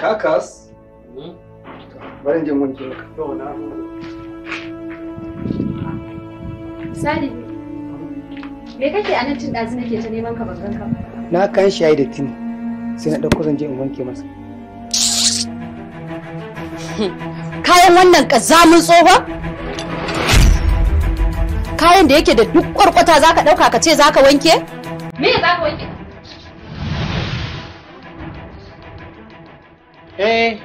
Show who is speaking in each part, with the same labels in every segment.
Speaker 1: kakas hmm? bari jin mun maka to na
Speaker 2: Sadi me kake a nan tun ɗazu nake ta neman ka bangan ka
Speaker 1: na kan shi da tini sai na ɗauko zanje in wanke masa
Speaker 2: kayan wannan ƙazamin tsohon kayan da yake da duk kwarkwata za ka ɗauka ka ce za ka wanke? me zaka ka wanke?
Speaker 1: eh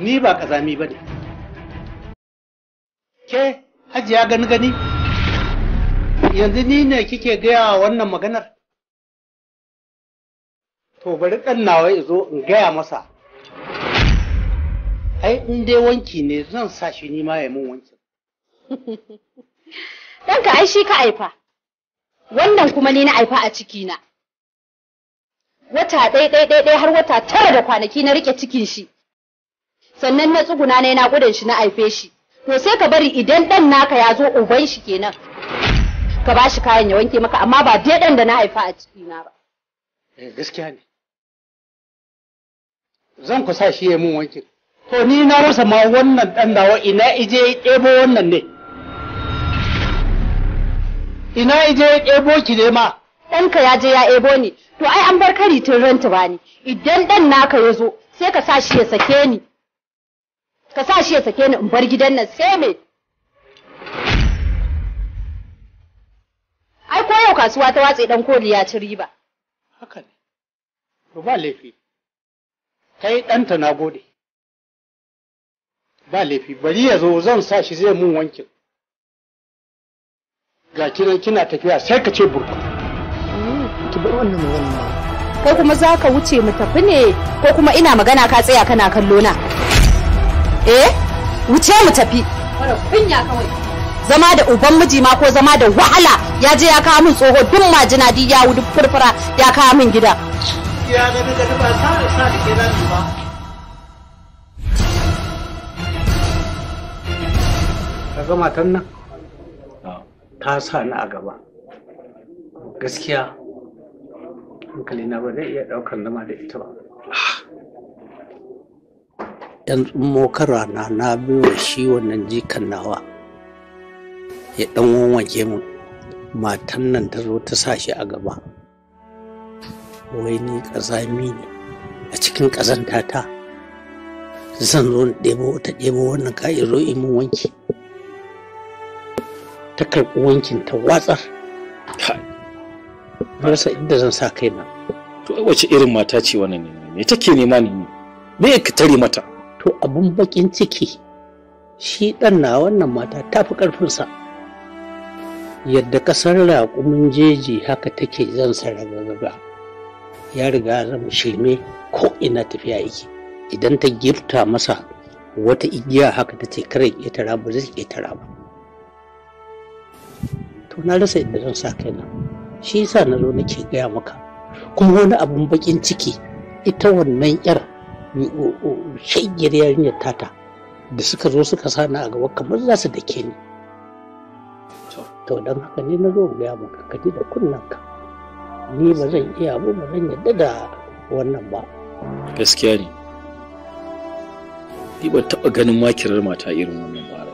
Speaker 1: ni ba kazami ba ne ke hajiya gani gani yanzu ni ne kike gaya wannan maganar to bari ɗan ya zo in gaya masa ai in dai wanki ne zan sa shi ni ya mun wanki
Speaker 2: ɗanka ai shi ka aifa wannan kuma ni na aifa a cikina wata ɗai ɗai ɗai har wata tara da kwanaki na rike cikin shi sannan na tsuguna na na gudan shi na haife shi to sai ka bari idan ɗan naka ya zo uban shi kenan ka ba shi kayan ya wanke maka amma ba dai ɗan da na haifa a ciki na ba
Speaker 1: eh gaskiya ne zan ku sa shi ya mun wanke to ni na rasa ma wannan ɗan nawa ina
Speaker 2: ije ɗebo wannan ne ina ije ɗebo ki ne ma ɗanka ya je ya ebo ni to ai an bar kari tun ranta ba ne, idan ɗan naka ya zo sai ka sa shi ya sake ni ka sa shi ya sake ni in bar gidan nan sai me ai ko yau kasuwa ta watse ɗan koli ya ci riba
Speaker 1: haka ne to ba laifi
Speaker 3: kai ɗanta na gode ba laifi bari ya zo zan sa shi zai mun wankin ga kina tafiya sai ka ce burkutu
Speaker 2: bar wannan wannan ko kuma za ka wuce mu tafi ne ko kuma ina magana ka tsaya kana kallo na eh wuce mu tafi kunya kawai zama da uban miji ma ko zama da wahala ya je ya kawo min tsoho duk majina di ya wudu furfura ya kawo min gida ya ga da ba sa
Speaker 1: sa da ke ba kaga matan nan ah. ta sa ni a gaba gaskiya hankali na ba zai iya ɗaukar zama da ita ba yan tsumokar rana na biyo shi wannan jikan nawa ya ɗan wanwake mu matan nan ta zo ta sa shi a gaba wai ni ƙazami ne a cikin ƙazanta ta zan zo ɗebo ta ɗebo wannan ka zo imin wanki ta karɓi wankin ta watsar na rasa inda zan sa kaina
Speaker 4: to wace irin mata ce wannan ne me
Speaker 1: take nema ne me ka tare mata to abun bakin ciki shi dan na wannan mata ta fi karfinsa yadda kasar raƙumin jeji haka take zan gaba ya riga zama shirme ko ina tafiya yake idan ta gifta masa wata igiya haka ta ce kare ƙetara ba zai ƙetara ba to na rasa inda zan sa kaina shi yasa na zo nake gaya maka kuma wani abun bakin ciki ita wannan yar shayyar yarinyar tata da suka zo suka sa sani a gaba kamar za su dake ni to don haka ne na zo gaya maka ka ji da kunnanka ni ba zan iya ba ba zan yadda da wannan ba
Speaker 4: gaskiya ne ni ban taɓa ganin makirar mata irin wannan ba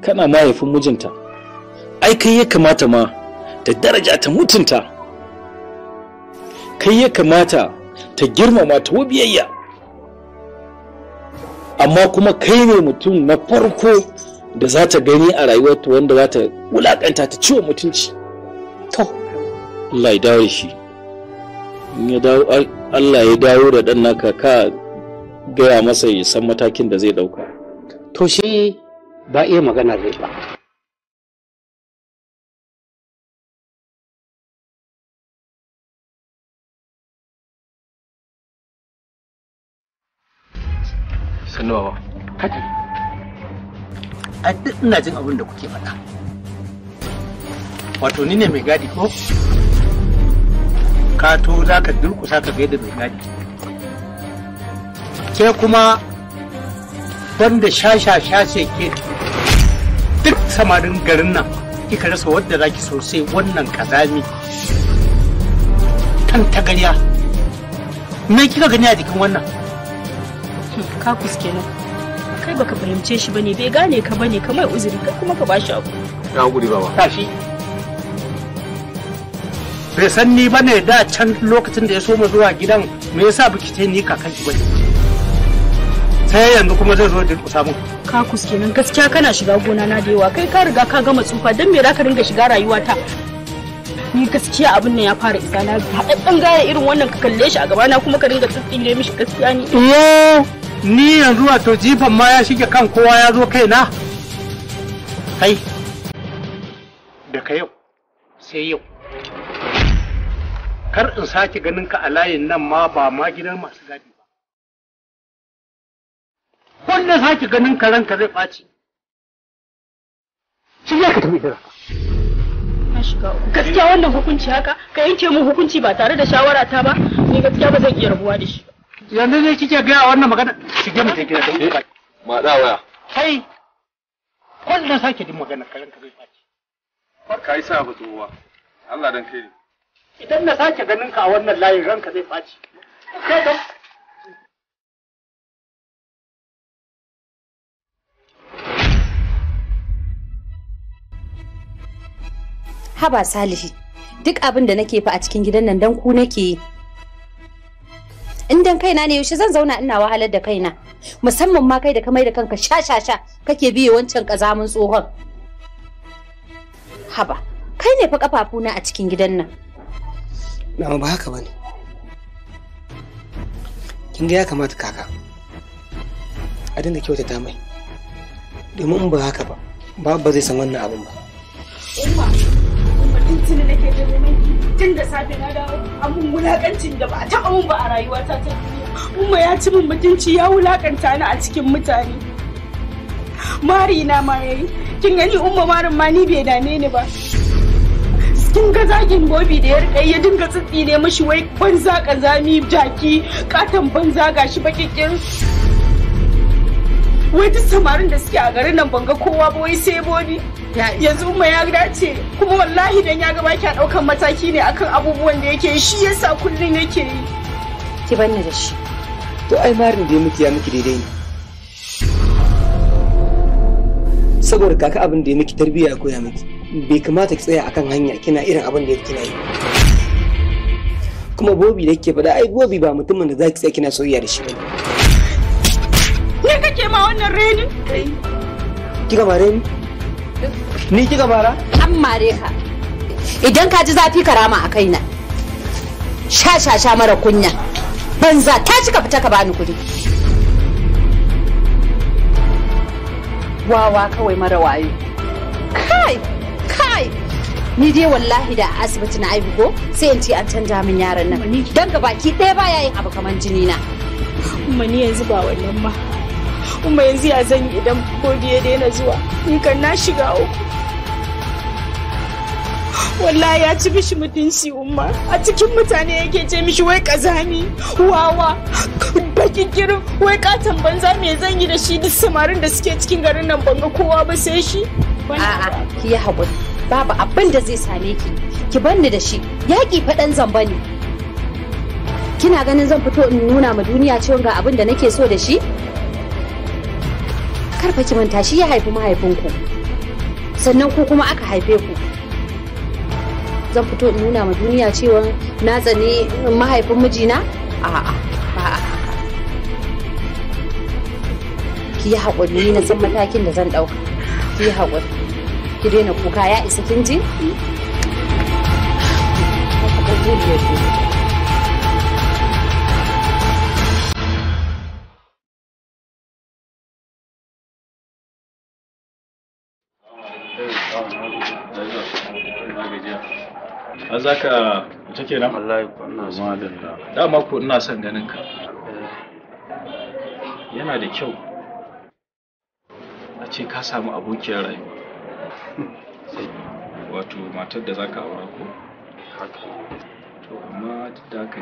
Speaker 4: kana mahaifin mijinta ai kai ya kamata ma da daraja ta mutunta kai ya
Speaker 1: kamata ta girmama ta biyayya amma kuma kai ne mutum na farko da za ta gani a rayuwarta wanda za ta wulakanta
Speaker 4: ta ciwo mutunci to
Speaker 1: Allah ya dawo shi Allah ya dawo da ɗan naka ka gaya masa ya san matakin da zai
Speaker 3: ɗauka to shi ba iya magana zai ba sannu baba kaji a duk ina jin abin da kuke faɗa
Speaker 1: wato ni ne mai gadi ko kato za ka durkusa ka gaida mai gadi ke kuma banda sha shashe ke duk samarin garin nan kika rasa wadda za ki sosai wannan kazami kan tagariya me kika gani a jikin wannan
Speaker 4: kakus kenan kai baka fahimce shi bane bai gane ka bane ka mai uzuri kai kuma ka bashi abu ya guri baba tashi
Speaker 1: bai san ni bane da can lokacin da ya so mu zuwa gidan me yasa biki ce ni kakan ki bane sai yanzu kuma zai
Speaker 4: zo da kusa Ka kakus kenan gaskiya kana shiga gona na da yawa kai ka riga ka gama tsufa dan me za ka ringa shiga rayuwata ni gaskiya abin nan ya fara isa na haɗaɗɗen gaya irin wannan ka kalle shi a gaba na kuma ka ringa tsitsile mishi gaskiya
Speaker 1: ne. ni yanzu wato jifan ma ya shige kan kowa ya zo kaina kai daga yau sai yau kar in sake ganin ka a
Speaker 3: layin nan ma ba ma gidan masu gadi ba wanda sake ganin ka ranka zai ɓaci shi ya ka tafi da
Speaker 4: gaskiya wannan hukunci haka ka yanke mu hukunci ba tare da shawara ta ba
Speaker 1: ni gaskiya ba zan iya rabuwa da shi ba yanzu ne kike gaya wannan magana shige mu take gida da kuka eh, ma da waya kai da sake din magana karanka zai faci
Speaker 3: barka yi sa butuwa Allah dan kai ne idan na sake ganin ka a wannan layin ranka zai faci kai da
Speaker 2: Haba Salihu, duk abin da nake fa a cikin gidan nan dan ku nake yi, in dan kaina ne yaushe zan zauna ina wahalar da kaina musamman ma kai da ka mai da kanka sha sha sha kake biye wancan kazamin tsohon haba kai ne fa kafafuna a cikin gidan nan
Speaker 1: na ba haka bane kin ga ya kamata kaka a dinga kyautata mai domin in ba haka ba ba zai san wannan abin
Speaker 4: ba tuntuni nake da neman tun da safe na dawo amun wulakancin da ba a taɓa mun ba a rayuwata ta Umma ya ci min mutunci ya wulakanta ni a cikin mutane. Mari na ma yayi. Kin gani Umma marin ma ni bai dame ni ba. kin ga zagin bobi da ya rika ya dinga tsitsi ne mashi wai banza kazami jaki katon banza gashi bakikin wai duk samarin da suke a garin nan banga kowa ba wai sai boni yanzu umma ya dace kuma wallahi dan ya ga baki a daukan mataki ne akan abubuwan da yake shi yasa kullun yake yi
Speaker 2: ki banni da shi
Speaker 1: to ai marin da muke ya miki daidai ne saboda kaka abin da ya miki tarbiyya koya miki bai kamata ki tsaya akan hanya kina irin abin da kina yi kuma bobi da kike faɗa ai bobi ba mutumin da zaki tsaya kina soyayya da shi ba.
Speaker 2: wannan reni? Kika bare ni? Ni kika bara? An mare ka. Idan ka ji zafi karama a kaina. Sha sha sha mara kunya. Banza ta ci ka fita ka bani kuɗi. Wawa kawai mara wayo. Kai! Kai! Ni dai wallahi da asibiti na aibugo sai in ce an canja min yaran nan. Don ga baki ɗaya ba yin abu kaman jini na. Mani yanzu ba wannan ba. kuma
Speaker 4: yanzu ya zan yi idan godiya ya daina zuwa in kan na shiga uku wallahi ya ci mishi mutunci umma a cikin mutane yake ce mishi wai kazami wawa bakin girin wai katon banza me zan yi da shi duk samarin da suke cikin garin nan ban ga kowa ba sai shi
Speaker 2: a'a ki yi hakuri babu abin da zai same ki ki banni da shi yaƙi faɗan zamba ne kina ganin zan fito in nuna ma duniya cewa ga abin da nake so da shi Karfa ki manta shi ya haifi mahaifinku sannan ku kuma aka haife ku zan fito in nuna ma duniya cewa na tsane mahaifin mijina a'a a'a ki yi haƙuri ni na san matakin da zan ɗauka ki yi haƙuri ki daina kuka ya isa kin ji?
Speaker 3: Thank you. yanzu zaka ta kenan wallahi ko ina son
Speaker 4: madalla ina son ganin ka eh. yana da kyau a ce ka samu abokiyar rayuwa wato matar da zaka aura ko haka to amma da ka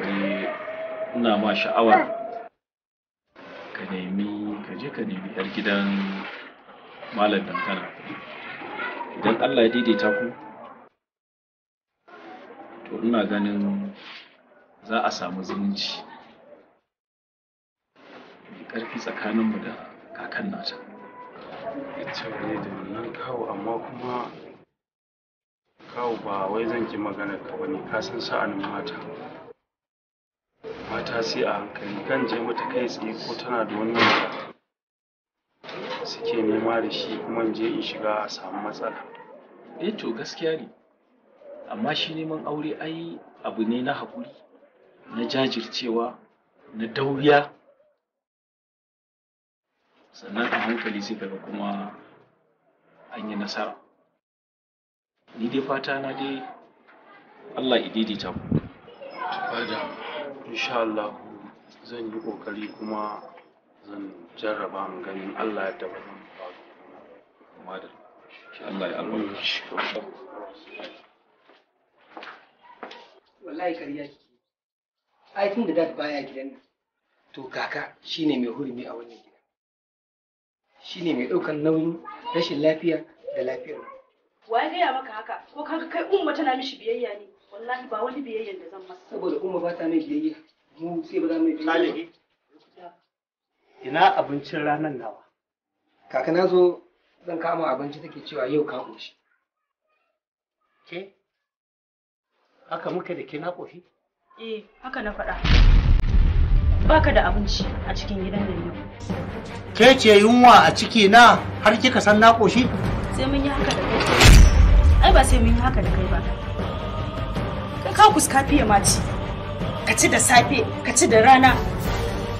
Speaker 4: ina ma sha'awar ka nemi ka je ka nemi yar gidan malam dankana idan Allah ya daidaita ku
Speaker 3: to ina ganin za a samu zumunci mai ƙarfi tsakaninmu da kakan nata ne da wannan kawo amma kuma kawo ba wai zan ki magana ka bane ka san sa'anin mata mata sai a hankali kan je mata kai tsaye ko tana da wani
Speaker 4: suke nema da shi kuma in je in shiga a samu matsala eh to gaskiya
Speaker 3: ne amma shi neman aure ai abu ne na haƙuri na jajircewa na dauriya sannan a hankali sai daga kuma an yi nasara ni
Speaker 4: dai fata na dai Allah ya ta ku insha Allah zan yi kokari kuma zan jarraba mu ganin Allah
Speaker 3: ya tabbata mu da Allah ya albarka mm,
Speaker 1: wallahi kariya ki ai tun da dad baya gidan nan to kaka shine mai hurumi a wannan gidan shine mai daukan nauyin rashin lafiya da lafiyar
Speaker 4: wa ya gaya maka haka ko kaka kai umma tana mishi biyayya ne wallahi ba wani biyayya da zan masa
Speaker 1: saboda umma ba ta mai biyayya mu sai ba za mu yi ina abincin ranar nawa kaka na zo zan kama abinci take cewa yau ka ƙoshi ke Haka muka da ke na kofi?
Speaker 4: Eh, haka na faɗa. Baka da abinci a cikin gidan da yau.
Speaker 3: Ke ce yunwa
Speaker 1: a ciki na har kika san na koshi?
Speaker 4: Sai mun yi haka da kai. Ai ba sai mun yi haka da kai ba. Kai ka kuska fiye ma ci. Ka ci da safe, ka ci da rana,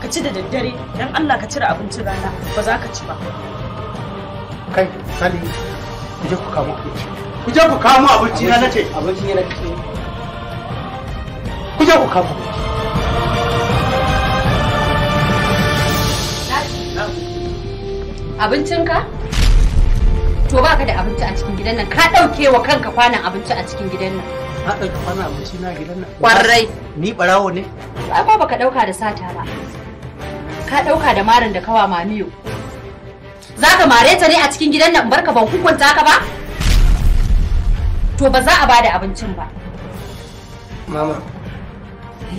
Speaker 4: ka ci da daddare, dan Allah ka cire abincin rana, ba za ka ci
Speaker 1: ba. Kai, Sani, ku je ku kamo abinci. Ku je ku kamo abinci na nace. Abinci na nace. je ku kama
Speaker 2: abincinka to baka da abinci a cikin gidan nan ka ɗauke wa kanka kwanan abinci a cikin gidan nan ka ɗauke kwanan abinci na gidan nan ƙwarai
Speaker 1: ni ɓarawo ne
Speaker 2: ai ba baka ɗauka da sata ba ka ɗauka da marin da kawa mamiyo za ka mare ta ne a cikin gidan nan barka ban hukunta ka ba to ba za a bada abincin ba
Speaker 1: mama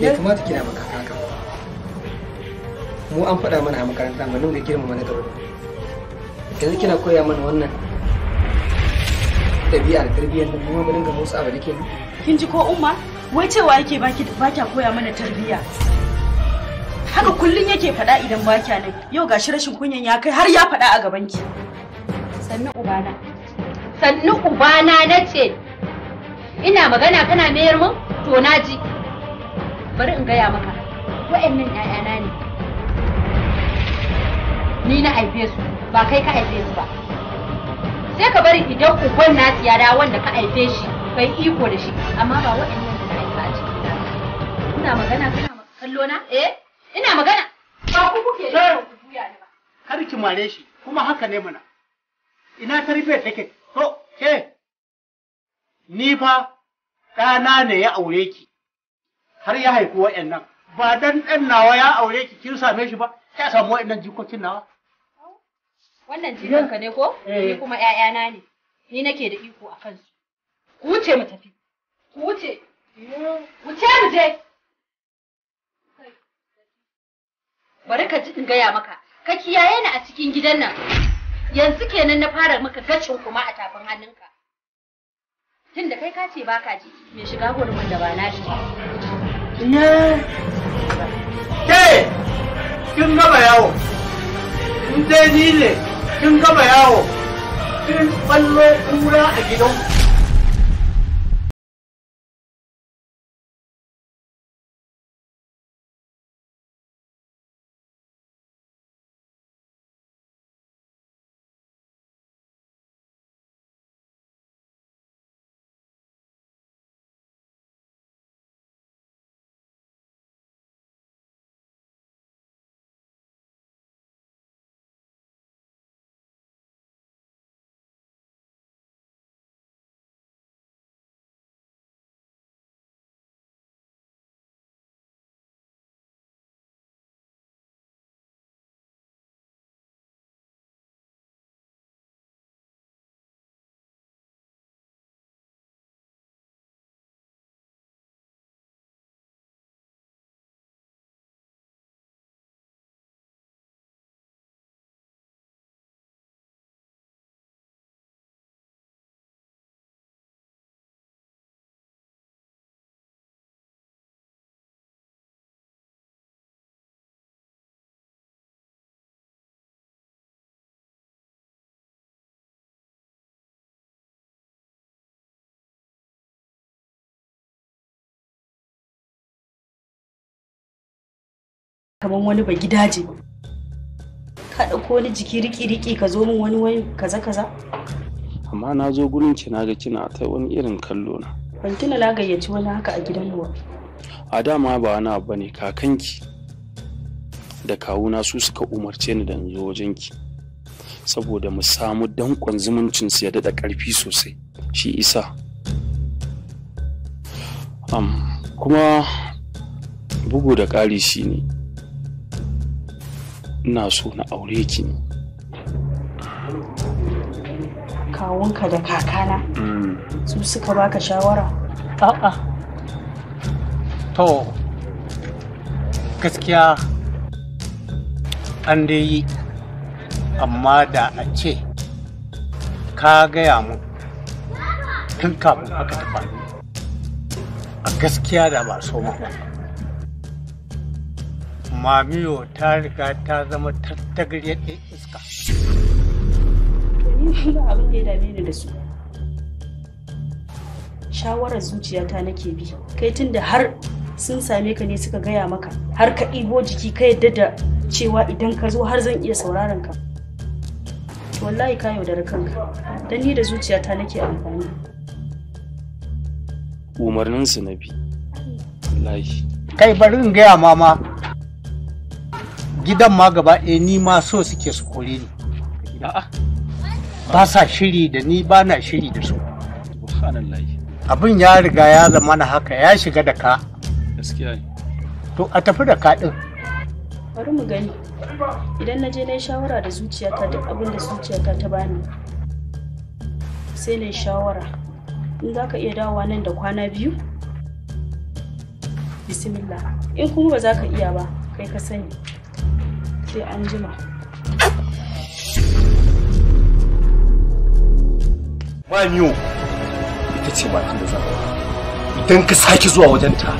Speaker 1: ya kamata kina maka haka mu an faɗa mana a makaranta mu nuna girma mana gaba yanzu kina koya mana wannan ɗabi'ar tarbiyyar nan
Speaker 4: kuma mu dinga musu abu da ke kin ji ko umma wai cewa yake baki ba kya koya mana tarbiyya haka kullun yake faɗa idan ba kya nan yau gashi rashin kunyan ya kai har ya
Speaker 2: faɗa a gaban ki sannu ubana sannu ubana nace ina magana kana mayar mun to na ji bari in gaya maka wa'annan ƴaƴana ne ni na haife su ba kai ka haife su ba sai ka bari idan ubon nasu ya dawo wanda ka haife shi kai iko da shi amma ba wa'annan da
Speaker 3: na haifa a cikin
Speaker 2: ina magana kana kallo na eh ina magana ba ku kuke da ku juya ne ba kar ki mare shi
Speaker 1: kuma haka ne mana ina tarbiyyar take to ke ni fa ɗana ne ya aure ki har ya haifi wa'annan ba dan ɗan nawa ya aure ki kin same shi ba ya samu wa'annan jikokin nawa
Speaker 2: wannan jikanka ne ko eh. ni kuma ƴaƴana ne ni nake da iko a kansu
Speaker 3: ku wuce mu tafi
Speaker 2: ku wuce wuce mu je bari ka ji in gaya maka ka kiyaye ni a cikin gidan nan yanzu kenan na fara maka gacin kuma a tafin hannunka tunda kai ka ce baka ji me shiga gurbin da ba na shi
Speaker 1: Ke, kin gaba yawo, in ni ne,
Speaker 3: kin gaba yawo, kin ballo kura a gidanku. kamar wani ba gidaje ka ɗauko wani jiki
Speaker 4: riki-riki ka zo min wani wani kaza-kaza amma na zo gurin ki na ga kina ta wani irin kallo na ban tuna na gayyaci wani haka a gidan mu a dama ba wani abu bane kakanki da kawuna su suka umarce ni da zo wajen ki saboda mu samu dankon zumuncin su ya daɗa ƙarfi sosai shi isa kuma bugu da ƙari shi ne ina so na aure ki ne kawunka da kakana mm. su suka
Speaker 1: baka shawara a'a to gaskiya an dai yi amma da a ce ka gaya mu tun kafin aka ta a gaskiya da ba so ba mamiyo ta riga ta zama tattagar yadda iska.
Speaker 4: abin da ya dame ni da su. Shawarar zuciyata nake bi, kai tun da har sun same ka ne suka gaya maka, har ka ibo jiki ka yadda da cewa idan ka zo har zan iya sauraron ka. Wallahi ka yaudara kanka, don ni da zuciyata nake amfani.
Speaker 1: Umarninsu na bi, Kai bari in gaya mama. gidan ma gaba ɗaya ni ma so suke su kore ni ba sa shiri da ni ba na shiri da su abin ya riga ya zama na haka ya shiga da ka to a tafi da ka ɗin
Speaker 4: bari mu gani idan na je na yi shawara da zuciyata duk abin da zuciyata ta bani sai na yi shawara in za ka iya dawowa nan da kwana biyu bismillah in kuma ba za ka iya ba kai ka sani sai an jima
Speaker 1: Maniyo ita ce matan da zama. idan ka sake zuwa wajenta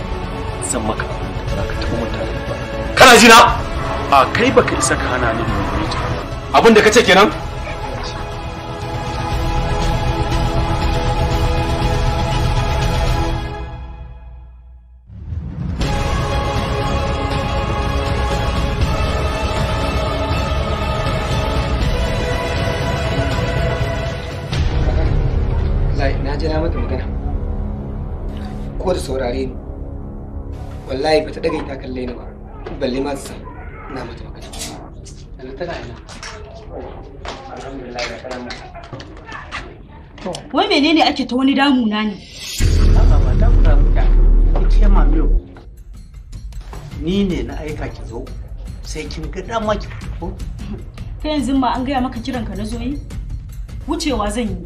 Speaker 1: zan maka za ka taɓa mutane ba. kana jina a kai baka isa ka hana ni da abin da ka ce kenan ko da saurare ni wallahi ba ta daga ta kalle ni ba balle ma sa na mata baka ta sannan tana ina alhamdulillah da kana
Speaker 4: to wai menene ake ta wani damuna ne
Speaker 1: ba ba ta kura muka ki ma miyo ni ne na aika ki zo sai kin ga ma ki fito
Speaker 4: kai yanzu ma an gaya maka ka na zo yi wucewa zan yi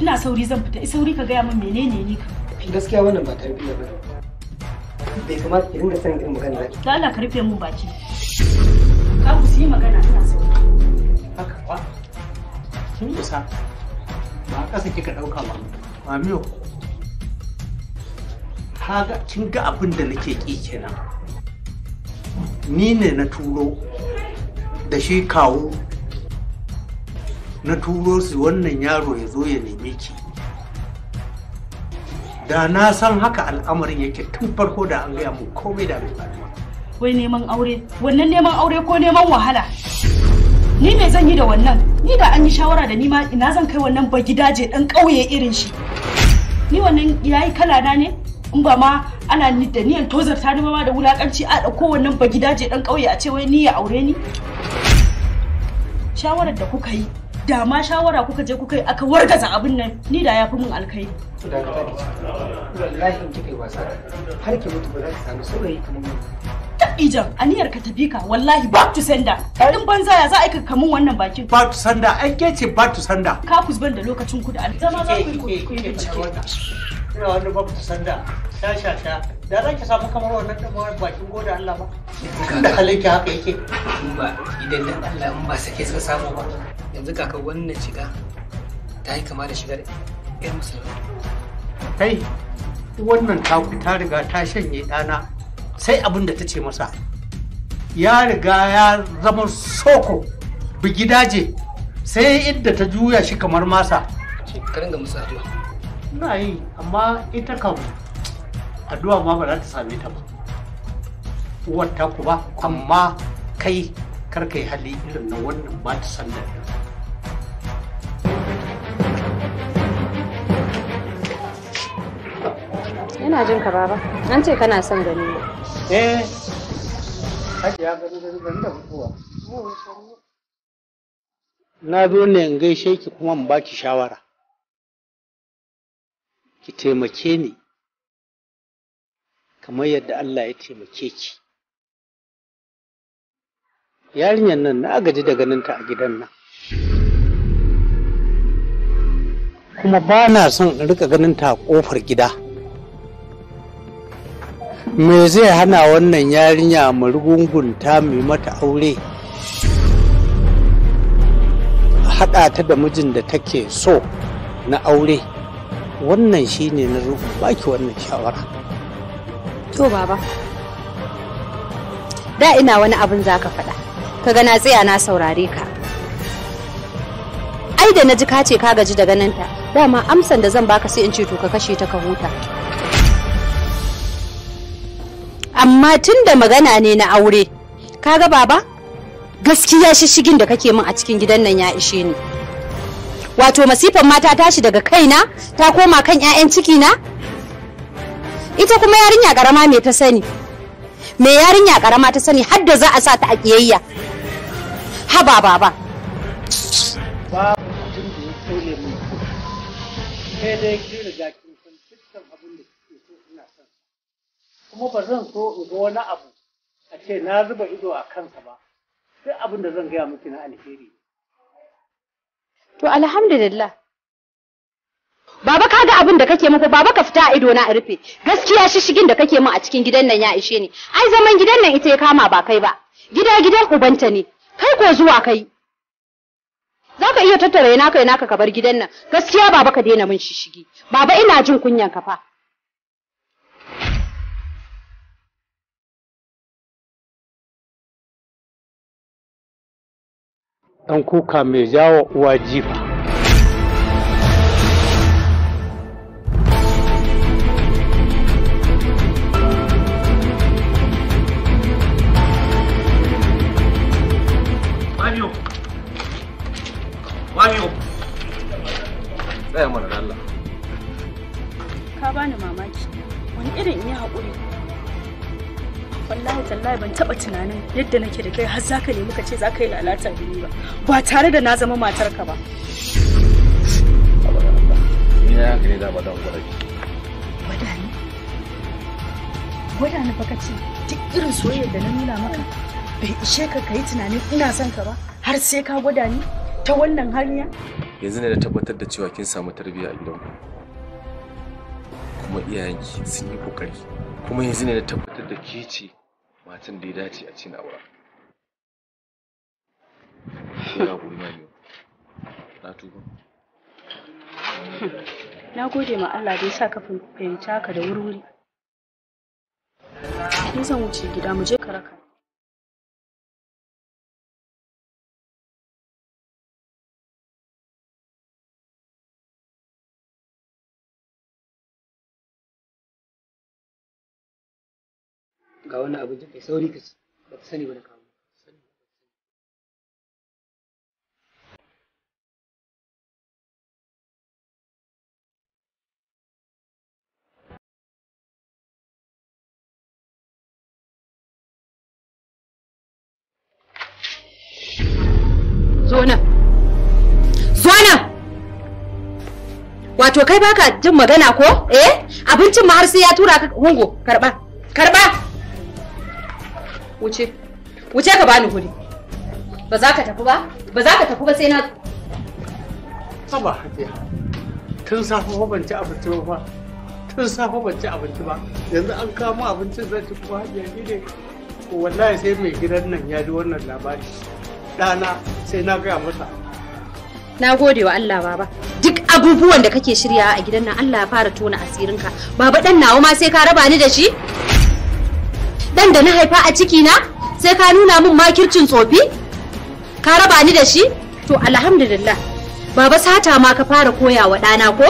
Speaker 4: ina sauri zan fita sauri ka gaya min menene ni ka
Speaker 1: gaskiya wannan ba tarbiyya ba bai kamata ki dinga sanin irin magana ba
Speaker 4: da Allah ka rufe mun baki
Speaker 1: ka ku yi magana ina so haka ba kin isa ba kasa kika dauka ba mamiyo kaga kin ga abin da nake ki kenan ni ne na turo da shi kawo na turo su wannan yaro ya zo ya neme ki da na san haka al'amarin yake tun farko da an gaya mu komai da bai
Speaker 4: wai neman aure wannan neman aure ko neman wahala ni me zan yi da wannan ni da an yi shawara da ni ma ina zan kai wannan ba gidaje dan ƙauye irin shi ni wannan yayi kala na ne in ba ma ana da niyan tozar ta ma da wulakanci a ɗauko wannan ba gidaje dan ƙauye a ce wai ni ya aure ni shawarar da kuka yi da ma shawara kuka je kuka yi aka wargaza abin nan ni da ya fi mun alkai
Speaker 1: to da in wasa har ki mutu ba za ki samu
Speaker 4: saurayi ijan aniyar ka tafi ka wallahi back to sender karin banza ya za a ka kamun wannan bakin
Speaker 1: back to sender an kece back to sender
Speaker 4: ka kusban da lokacin ku da zama za ku yi bincike
Speaker 1: ina wani back to sender sha sha sha da za ki samu kamar wannan da mawar bakin goda Allah ba da halayya haka yake ba idan dan Allah in ba sake sun samu ba yanzu kaka wannan shiga ta yi kama da shigar yan musulmi kai wannan taku ta riga ta shanye ɗana sai abin da ta ce masa ya riga ya zama soko bigidaje sai inda ta juya shi kamar masa karin ga musu addu'a ina yi amma ita kam addu'a ma ba za ta same ta ba uwar ku ba amma kai karka yi hali irin na wannan ba ta sanda
Speaker 2: Ina jin ka baba. An ce kana son gani. Eh.
Speaker 3: Hajiya gani gani gani da mutuwa.
Speaker 1: Na zo ne in gaishe ki kuma in baki shawara. Ki taimake ni kamar yadda Allah ya taimake ki. Yarinyar nan na gaji da ganinta a gidan nan. Kuma ba na son in rika ganinta a ƙofar gida. me zai hana wannan yarinya murgungunta mai mata aure haɗa ta da mijin da take so na aure wannan shi ne na baki wannan shawara
Speaker 2: to baba da ina wani abin za ka faɗa ka gana tsaya na saurare ka ai da na ji ka ce ka gaji daga nan ta dama amsan da zan baka sai in ce to ka kashe ta ka huta amma tun da magana ne na aure kaga baba gaskiya shishigin da kake min a cikin gidan nan ya ishe ni wato masifan mata tashi daga kaina ta koma kan 'ya'yan ciki na ita kuma yarinya karama me ta sani me yarinya karama ta sani har da za a sa ta a kiyayya haba baba
Speaker 1: ya kuma ba zan so in ga wani abu a ce na zuba ido a kansa ba duk abin da zan gaya miki na alheri
Speaker 2: to alhamdulillah Baba ka ga abin da kake min baba ka fita a ido na rufe gaskiya shishigin da kake min a cikin gidan nan ya ishe ni ai zaman gidan nan ita ya kama ba kai ba gida gidan ubanta ne kai ko zuwa kai za ka iya tattara yana kai naka ka bar gidan nan gaskiya baba ka daina min shishigi baba
Speaker 3: ina jin kunyan ka fa ɗan kuka mai jawo wajiba
Speaker 4: tunanin yadda nake da kai har za ka nemi ka ce za ka yi lalata da ba ba tare da na zama matar ka ba Wadani? ne da ce duk irin soyayyar da na nuna maka bai ishe ka yi tunanin ina son ka ba har sai ka gwada ni ta wannan hanya yanzu ne da tabbatar da cewa kin samu tarbiyya a gidanku
Speaker 3: kuma iyayenki sun yi kokari kuma yanzu ne da tabbatar da ke ce matan da ya dace a cin aura ya ma na tuba
Speaker 4: na gode ma Allah
Speaker 3: da ya sa ka fahimta ka da wuri-wuri ni zan wuce gida mu je ka raka ka wani abu kai sauri ka ci ba ka sani ba da kawo Zona. Zona. Wato kai baka jin magana
Speaker 2: ko? Eh? Abincin ma har sai ya tura ka hungo. Karba. Karba. wuce wuce ka bani guri ba za ka tafi ba ba za ka tafi ba sai na
Speaker 1: haba hajiya tun safa ba ban ci abinci ba tun safe ban ci abinci ba yanzu an kamo abincin zai ci kuma hajiya ni ne wallahi sai mai gidan nan ya ji wannan labari ɗana sai na gaya masa
Speaker 2: na gode wa Allah baba duk abubuwan da kake shirya a gidan nan Allah ya fara tona asirinka baba dan nawa ma sai ka raba ni da shi dan da na haifa a ciki na sai ka nuna min makircin tsofi ka raba ni da shi to alhamdulillah baba sata ma ka fara koya wa dana ko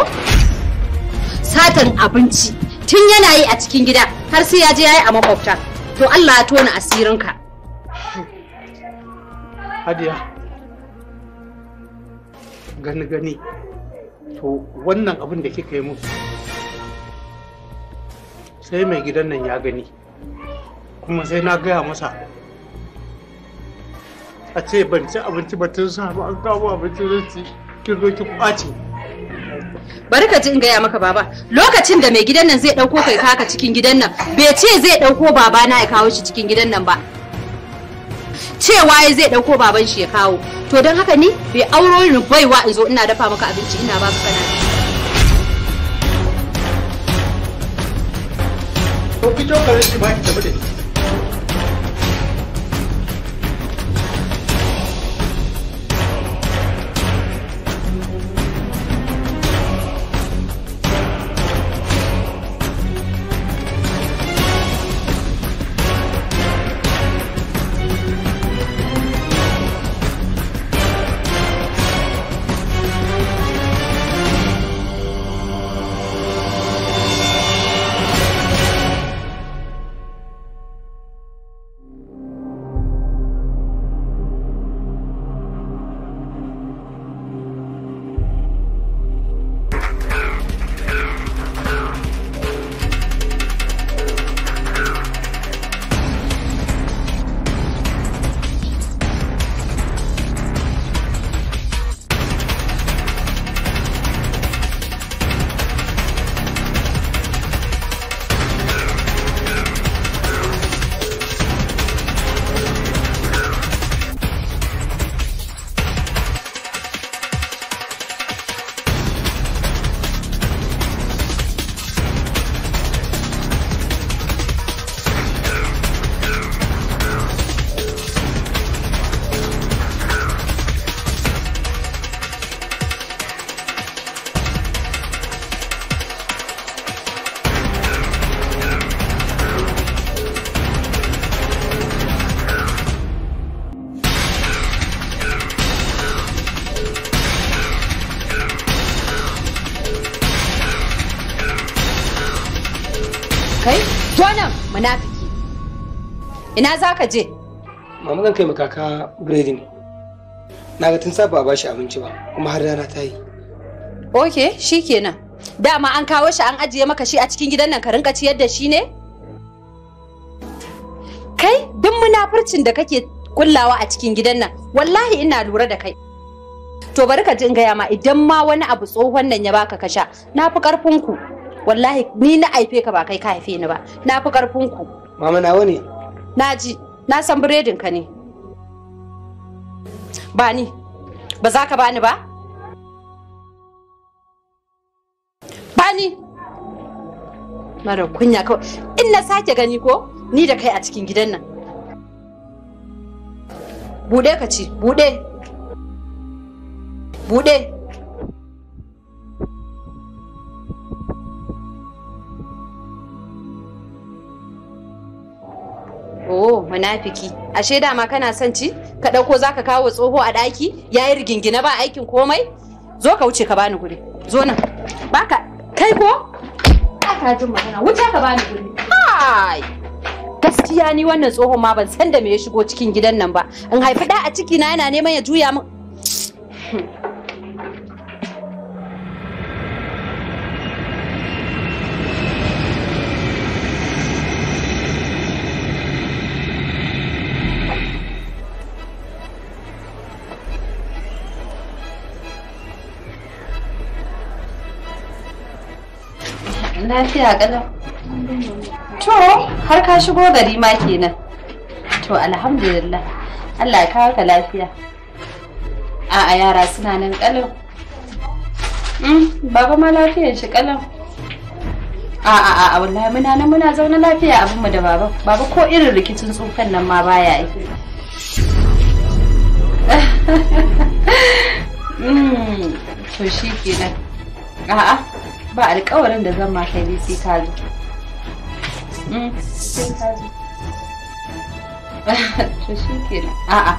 Speaker 2: satan abinci tun yana yi a cikin gida har sai ya je ya yi a makwabta to allah ya tona asirinka
Speaker 1: hadiya gani gani to wannan abin da kika yi musu sai mai gidan nan ya gani kuma sai na gaya masa a ce ban ci abinci ba tun ba an
Speaker 2: kawo abinci zai ci kin zo ki kwace bari ka ji in gaya maka baba lokacin da mai gidan nan zai dauko kai kaka cikin gidan nan bai ce zai dauko baba na ya kawo shi cikin gidan nan ba cewa ya zai dauko baban shi ya kawo to don haka ni bai auro ni baiwa in zo ina dafa maka abinci ina ba kana
Speaker 1: ko ki to kare shi ba ki tabbata
Speaker 2: Ina za ka je?
Speaker 1: Mama zan kai kaka biredi ne. Na ga tun safa ba shi abinci ba, kuma har rana ta yi.
Speaker 2: Ok, shi kenan. Dama an kawo shi an ajiye maka shi a cikin gidan nan ka rinka ciyar da shi ne? Kai, duk munafurcin da kake kullawa a cikin gidan nan, wallahi ina lura da kai. To bari ka ji in gaya ma idan ma wani abu tsohon nan ya baka ka sha, na fi ƙarfinku. Wallahi ni na haife ka ba kai ka haife ni ba, na fi ƙarfinku.
Speaker 1: Mama na wani.
Speaker 2: Na ji, na san biredin ka ne. Ba ni, ba za ka bani ba? Ba ni! Mara kunya kawai, in na sake gani ko ni da kai a cikin gidan nan. Bude ka ci, bude. Bude. oh munafiki ashe dama kana son ci ka dauko zaka kawo tsoho a ɗaki yayi rigingina ba aikin komai zo ka wuce ka bani guri zo nan baka kai ko ka jin magana wuce ka bani guri hai gaskiya ni wannan tsohon ma ban san da me ya shigo cikin gidan nan ba in haifi da a ciki na yana neman ya juya min Lafiya ƙalau. To, har ka shigo gari ma kenan. To, alhamdulillah. Allah ya kawo ka lafiya. A'a yara suna nan ƙalau. Hmm, baba ma lafiyan shi ƙalau. A'a a'a wallahi muna nan muna zaune lafiya abinmu da baba. Baba ko irin rikicin tsufan nan ma baya yi. Hmm, to shi kenan. A'a. ba alkawarin da zan mata yi sai ka zo hmm? to shi kenan a'a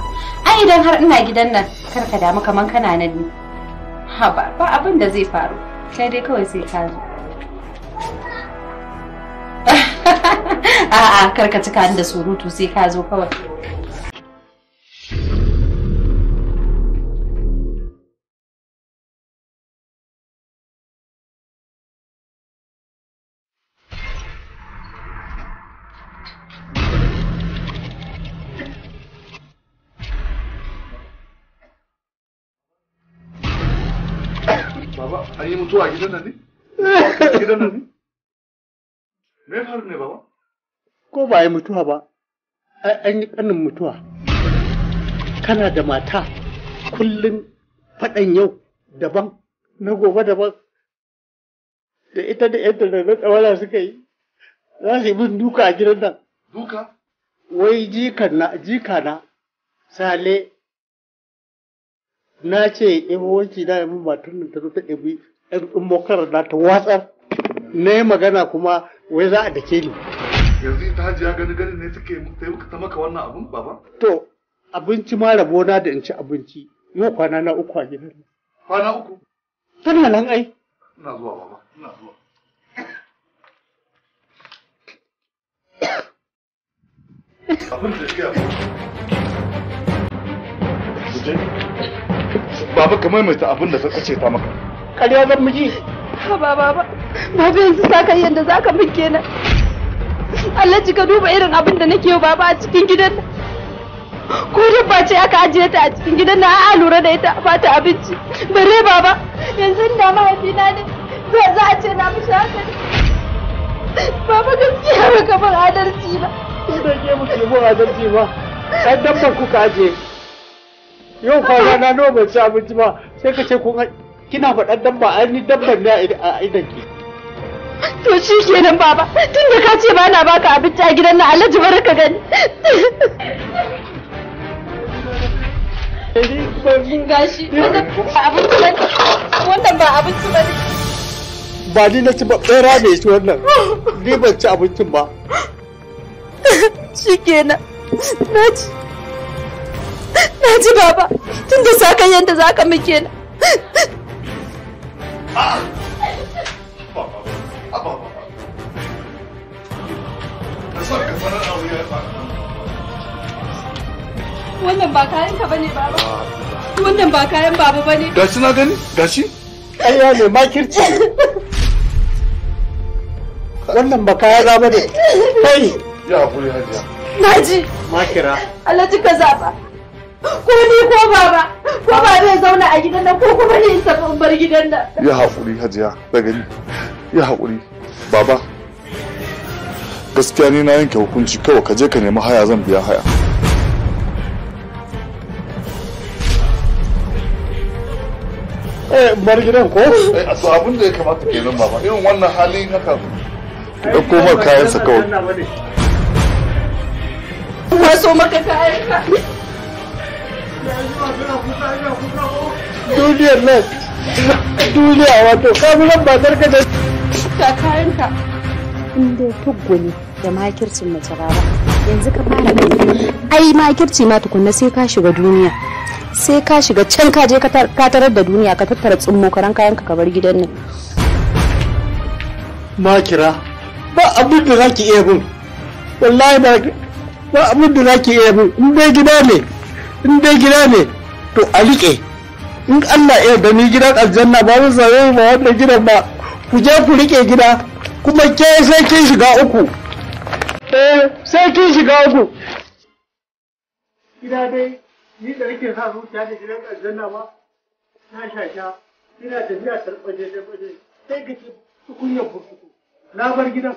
Speaker 2: ai idan har ina gidan nan kar ka damu kaman kana nan ne ha ba ba abin da zai faru sai dai kawai sai ka zo a'a kar ka cika da surutu
Speaker 3: sai ka zo kawai an yi mutuwa a gidan nan ne gidan nan ne me faru ne baba
Speaker 1: ko ba yi mutuwa ba an yi kanin mutuwa kana da mata kullum faɗan yau daban na gobe daban da ita da yadda da tsawara suka yi za su yi bin duka a gidan nan duka wai jika na sale na ce ɗebo wanki na yamin matan nan ta zo ta ɗebi yan mokar da ta watsar na yi magana kuma wai za a dake ni
Speaker 3: yanzu ita hajiya gani gani ne suke ta maka wannan abun baba
Speaker 1: to abinci ma na da in ci abinci yau kwana na uku a gidan
Speaker 3: kwana uku tana nan ai ina zuwa baba ina zuwa abin da ya Baba kamar mai ta abin da ta kace ta maka.
Speaker 1: kare zan miji ba ba ba baba
Speaker 4: yanzu saka yanda zaka min kenan ji ka duba irin abin da nake baba a cikin gidan nan ko dabba ce aka ajiye ta a cikin gidan nan a lura da ita ba ta abinci bare baba yanzu da mahaifina ne za a ce na mishi haka ne baba gaskiya ba kamar adalci ba
Speaker 3: ko da ke muke adalci ba ai dabban kuka ajiye yau kwana na nawa bai ci
Speaker 1: abinci ba sai ka ce kun kina faɗar dabba a ni dabban ne a idan ki
Speaker 3: to shi kenan baba tun da ka ce ba na baka abinci a gidan na alhaji bari ka gani eh, gashi
Speaker 2: wannan ba abinci ba
Speaker 1: ba ni na ci ba tsera ne shi wannan ni ban ci abincin ba
Speaker 2: shi kenan na ci na ji baba tun da sa kan yadda za ka muke na
Speaker 4: Wannan ba kayan ka bane ba Wannan ba kayan
Speaker 3: baba ne.
Speaker 1: Gashi na gani? Gashi? Kaya ne makirci. Wannan ba kayan ba ba ne. Kai. Ya hakuri hajiya.
Speaker 3: Naji. Makira.
Speaker 4: Alhaji ka zaba. Ko ni ko baba. ko ba zai zauna a gidan nan ko kuma ne isa bar gidan nan
Speaker 3: ya haƙuri hajiya da gani ya haƙuri baba gaskiya ne na yanke hukunci kawai ka je ka nemi haya zan biya haya
Speaker 1: eh, bar gidan ko? su eh, abin da ya kamata ke nan baba irin wannan halin haka ki ɗauko mar kayansa kawai.
Speaker 4: Waso maka ka.
Speaker 2: duniyar nan duniya wato kamunan matar ka da ta ka in dai tugguni da makircin mace ma tukunna sai ka shiga duniya sai ka shiga can ka je ka tarar da duniya ka tattara tsummo karan kayan ka bar gidan nan
Speaker 1: makira ba abin da zaki iya bin wallahi ba abin da zaki iya bin in dai gida ne in dai gida ne to a riƙe in Allah ya da ni gidan aljanna ba mu zaye ba wannan gidan ba ku je ku riƙe gida
Speaker 3: kuma ke sai kin shiga uku eh sai kin shiga uku
Speaker 1: gida dai ni da nake sa zuciya da gidan aljanna ba
Speaker 3: na shasha ina tafiya tarbaje tarbaje sai ka ce tukunyar burkutu na bar gidan